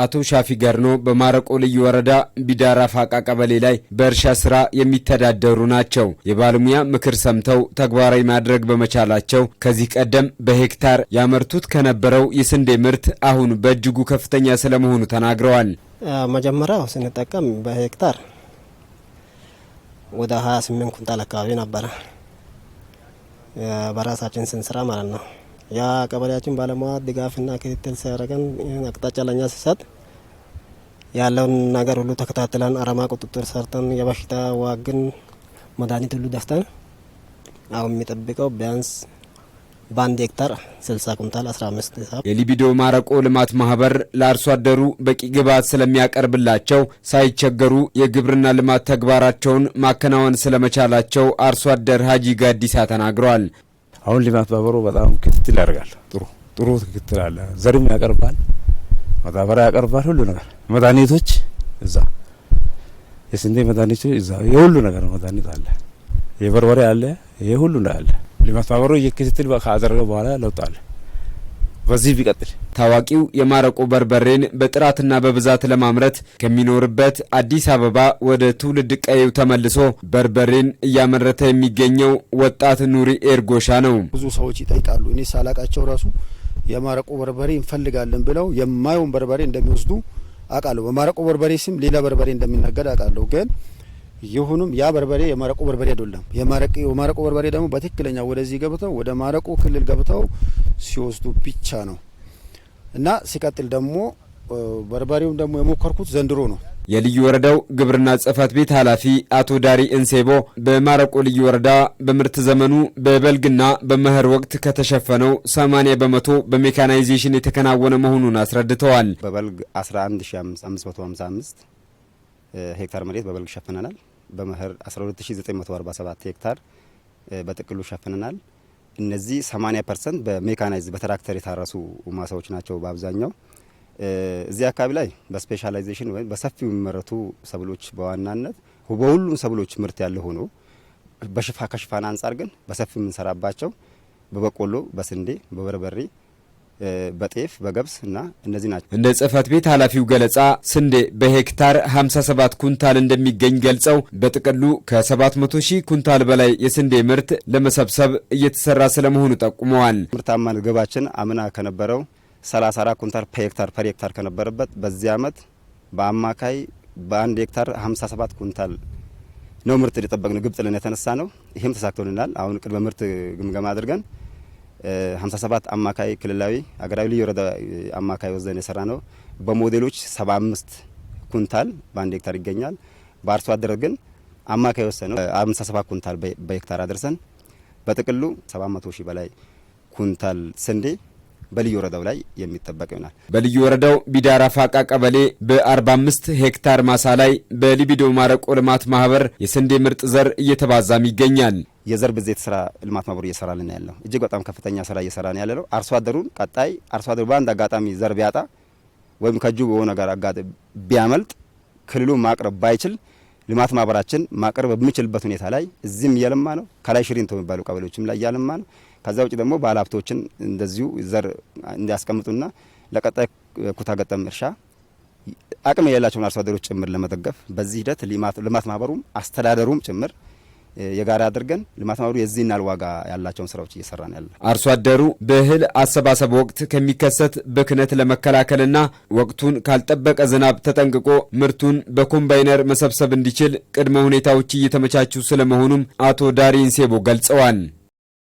አቶ ሻፊ ገርኖ በማረቆ ልዩ ወረዳ ቢዳራ ፋቃ ቀበሌ ላይ በእርሻ ስራ የሚተዳደሩ ናቸው። የባለሙያ ምክር ሰምተው ተግባራዊ ማድረግ በመቻላቸው ከዚህ ቀደም በሄክታር ያመርቱት ከነበረው የስንዴ ምርት አሁን በእጅጉ ከፍተኛ ስለመሆኑ ተናግረዋል። መጀመሪያው ስንጠቀም በሄክታር ወደ 28 ኩንታል አካባቢ ነበረ በራሳችን ስንስራ ማለት ነው ያ ቀበሌያችን ባለሙያ ድጋፍና ክትትል ሲያደርገን አቅጣጫ ለኛ ሲሰጥ ያለውን ነገር ሁሉ ተከታትለን አረማ ቁጥጥር ሰርተን የበሽታ ዋግን መድኃኒት ሁሉ ደፍተን አሁን የሚጠብቀው ቢያንስ በአንድ ሄክታር 60 ኩንታል 15 ሂሳብ የሊቢዶ ማረቆ ልማት ማህበር ለአርሶ አደሩ በቂ ግብዓት ስለሚያቀርብላቸው ሳይቸገሩ የግብርና ልማት ተግባራቸውን ማከናወን ስለመቻላቸው አርሶ አደር ሀጂ ጋዲሳ ተናግረዋል። አሁን ልማት ማህበሩ በጣም ክትትል ያደርጋል። ጥሩ ጥሩ ክትትል አለ። ዘርም ያቀርባል፣ ማዳበሪያ ያቀርባል፣ ሁሉ ነገር መድኃኒቶች እዛ የስንዴ መድኃኒቱ እዛ የሁሉ ነገር መድኃኒት አለ፣ የበርበሬ አለ፣ ይሄ ሁሉ አለ። ልማት ማህበሩ ክትትል ካደረገ በኋላ ለውጥ አለ። በዚህ ቢቀጥል ታዋቂው የማረቆ በርበሬን በጥራትና በብዛት ለማምረት ከሚኖርበት አዲስ አበባ ወደ ትውልድ ቀዬው ተመልሶ በርበሬን እያመረተ የሚገኘው ወጣት ኑሪ ኤርጎሻ ነው። ብዙ ሰዎች ይጠይቃሉ። እኔ ሳላቃቸው ራሱ የማረቆ በርበሬ እንፈልጋለን ብለው የማየውን በርበሬ እንደሚወስዱ አውቃለሁ። በማረቆ በርበሬ ስም ሌላ በርበሬ እንደሚነገድ አውቃለሁ። ግን ይሁንም ያ በርበሬ የማረቆ በርበሬ አይደለም። የማረቆ በርበሬ ደግሞ በትክክለኛ ወደዚህ ገብተው ወደ ማረቆ ክልል ገብተው ሲወስዱ ብቻ ነው እና ሲቀጥል ደግሞ በርበሬውም ደግሞ የሞከርኩት ዘንድሮ ነው። የልዩ ወረዳው ግብርና ጽህፈት ቤት ኃላፊ አቶ ዳሪ እንሴቦ በማረቆ ልዩ ወረዳ በምርት ዘመኑ በበልግና በመኸር ወቅት ከተሸፈነው 80 በመቶ በሜካናይዜሽን የተከናወነ መሆኑን አስረድተዋል። በበልግ 11555 ሄክታር መሬት በበልግ ሸፍነናል። በመኸር 12947 ሄክታር በጥቅሉ ሸፍነናል። እነዚህ 80 ፐርሰንት በሜካናይዝ በትራክተር የታረሱ ማሳዎች ናቸው በአብዛኛው። እዚህ አካባቢ ላይ በስፔሻላይዜሽን ወይም በሰፊው የሚመረቱ ሰብሎች በዋናነት በሁሉም ሰብሎች ምርት ያለ ሆኖ በሽፋ ከሽፋን አንጻር ግን በሰፊው የምንሰራባቸው በበቆሎ፣ በስንዴ፣ በበርበሬ በጤፍ በገብስ እና እነዚህ ናቸው። እንደ ጽህፈት ቤት ኃላፊው ገለጻ ስንዴ በሄክታር 57 ኩንታል እንደሚገኝ ገልጸው በጥቅሉ ከ700 ሺህ ኩንታል በላይ የስንዴ ምርት ለመሰብሰብ እየተሰራ ስለመሆኑ ጠቁመዋል። ምርታማ ግባችን አምና ከነበረው 34 ኩንታል ፐሄክታር ፐሬክታር ከነበረበት በዚህ ዓመት በአማካይ በአንድ ሄክታር 57 ኩንታል ነው ምርት የጠበቅነው ግብ ጥለን የተነሳ ነው። ይህም ተሳክቶልናል። አሁን ቅድመ ምርት ግምገማ አድርገን 57 አማካይ ክልላዊ ሀገራዊ ልዩ ወረዳ አማካይ ወስደን የሰራ ነው። በሞዴሎች 75 ኩንታል በአንድ ሄክታር ይገኛል። በአርሶ አደር ግን አማካይ ወሰነ 57 ኩንታል በሄክታር አድርሰን በጥቅሉ 700 ሺህ በላይ ኩንታል ስንዴ በልዩ ወረዳው ላይ የሚጠበቅ ይሆናል። በልዩ ወረዳው ቢዳራ ፋቃ ቀበሌ በ45 ሄክታር ማሳ ላይ በሊቢዶ ማረቆ ልማት ማህበር የስንዴ ምርጥ ዘር እየተባዛም ይገኛል። የዘር ብዜት ስራ ልማት ማህበሩ እየሰራልን ያለው እጅግ በጣም ከፍተኛ ስራ እየሰራ ነው ያለነው። አርሶ አደሩን ቀጣይ አርሶ አደሩ በአንድ አጋጣሚ ዘር ቢያጣ ወይም ከእጁ በሆነ ነገር ቢያመልጥ ክልሉ ማቅረብ ባይችል ልማት ማህበራችን ማቅረብ በሚችልበት ሁኔታ ላይ እዚህም እያለማ ነው። ከላይ ሽሪንቶ የሚባሉ ቀበሌዎችም ላይ እያለማ ነው። ከዛ ውጭ ደግሞ ባለሀብቶችን እንደዚሁ ዘር እንዲያስቀምጡና ለቀጣይ ኩታ ገጠም እርሻ አቅም የሌላቸውን አርሶ አደሮች ጭምር ለመደገፍ በዚህ ሂደት ልማት ማህበሩም አስተዳደሩም ጭምር የጋራ አድርገን ልማት ማህበሩ የዚህን ያህል ዋጋ ያላቸውን ስራዎች እየሰራ ነው ያለ። አርሶ አደሩ በእህል አሰባሰብ ወቅት ከሚከሰት ብክነት ለመከላከልና ወቅቱን ካልጠበቀ ዝናብ ተጠንቅቆ ምርቱን በኮምባይነር መሰብሰብ እንዲችል ቅድመ ሁኔታዎች እየተመቻቹ ስለመሆኑም አቶ ዳሪ ሴቦ ገልጸዋል።